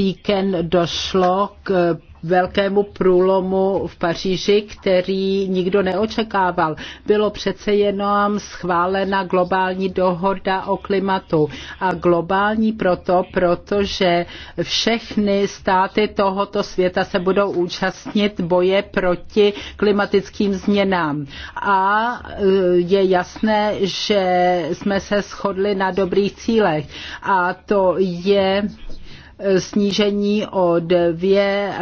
víkend došlo k eh, velkému průlomu v Paříži, který nikdo neočekával. Bylo přece jenom schválena globální dohoda o klimatu. A globální proto, protože všechny státy tohoto světa se budou účastnit boje proti klimatickým změnám. A eh, je jasné, že jsme se shodli na dobrých cílech. A to je snížení o 2 eh,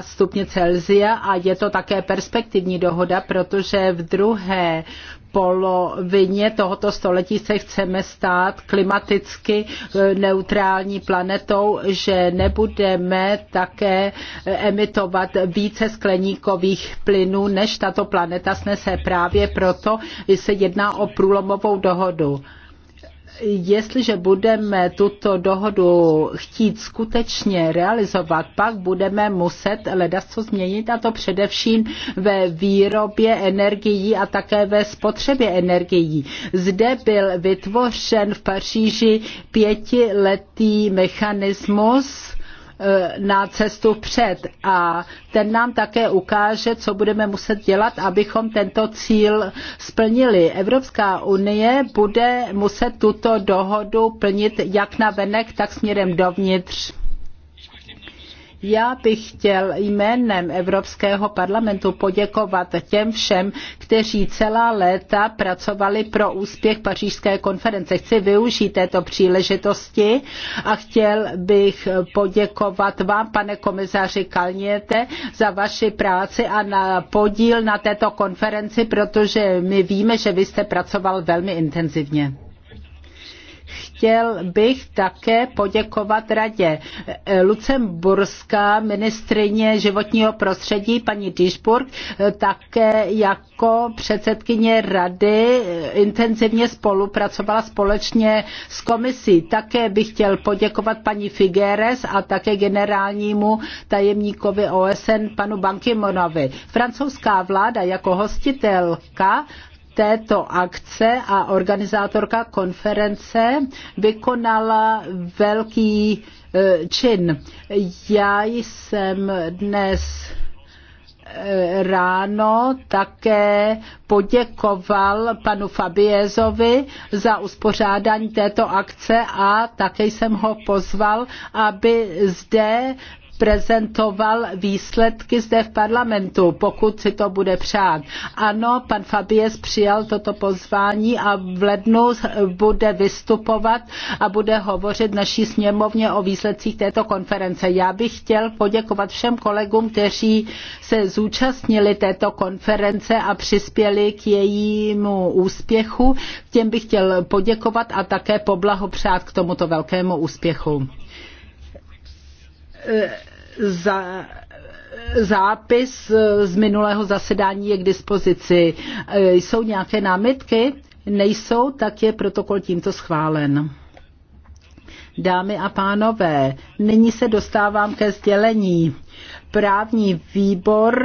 stupně Celsia a je to také perspektivní dohoda, protože v druhé polovině tohoto století se chceme stát klimaticky eh, neutrální planetou, že nebudeme také eh, emitovat více skleníkových plynů, než tato planeta snese. Právě proto se jedná o průlomovou dohodu jestliže budeme tuto dohodu chtít skutečně realizovat, pak budeme muset ledaco změnit a to především ve výrobě energií a také ve spotřebě energií. Zde byl vytvořen v Paříži pětiletý mechanismus, E, na cestu před. A ten nám také ukáže, co budeme muset dělat, abychom tento cíl splnili. Evropská unie bude muset tuto dohodu plnit jak na venek, tak směrem dovnitř já bych chtěl jménem Evropského parlamentu poděkovat těm všem, kteří celá léta pracovali pro úspěch pařížské konference. Chci využít této příležitosti a chtěl bych poděkovat vám, pane komisaři Kalněte, za vaši práci a na podíl na této konferenci, protože my víme, že vy jste pracoval velmi intenzivně chtěl bych také poděkovat radě. E, Lucemburská ministrině životního prostředí paní Dišburg e, také jako předsedkyně rady e, intenzivně spolupracovala společně s komisí. Také bych chtěl poděkovat paní Figueres a také generálnímu tajemníkovi OSN panu Bankimonovi. Francouzská vláda jako hostitelka této akce a organizátorka konference vykonala velký e, čin. Já jsem dnes e, ráno také poděkoval panu Fabiezovi za uspořádání této akce a také jsem ho pozval, aby zde prezentoval výsledky zde v parlamentu, pokud si to bude přát. Ano, pan Fabies přijal toto pozvání a v lednu bude vystupovat a bude hovořit naší sněmovně o výsledcích této konference. Já bych chtěl poděkovat všem kolegům, kteří se zúčastnili této konference a přispěli k jejímu úspěchu. Těm bych chtěl poděkovat a také poblahopřát k tomuto velkému úspěchu. Eh, za zápis eh, z minulého zasedání je k dispozici. Eh, jsou nějaké námitky? Nejsou, tak je protokol tímto schválen. Dámy a pánové, nyní se dostávám ke sdělení. Právní výbor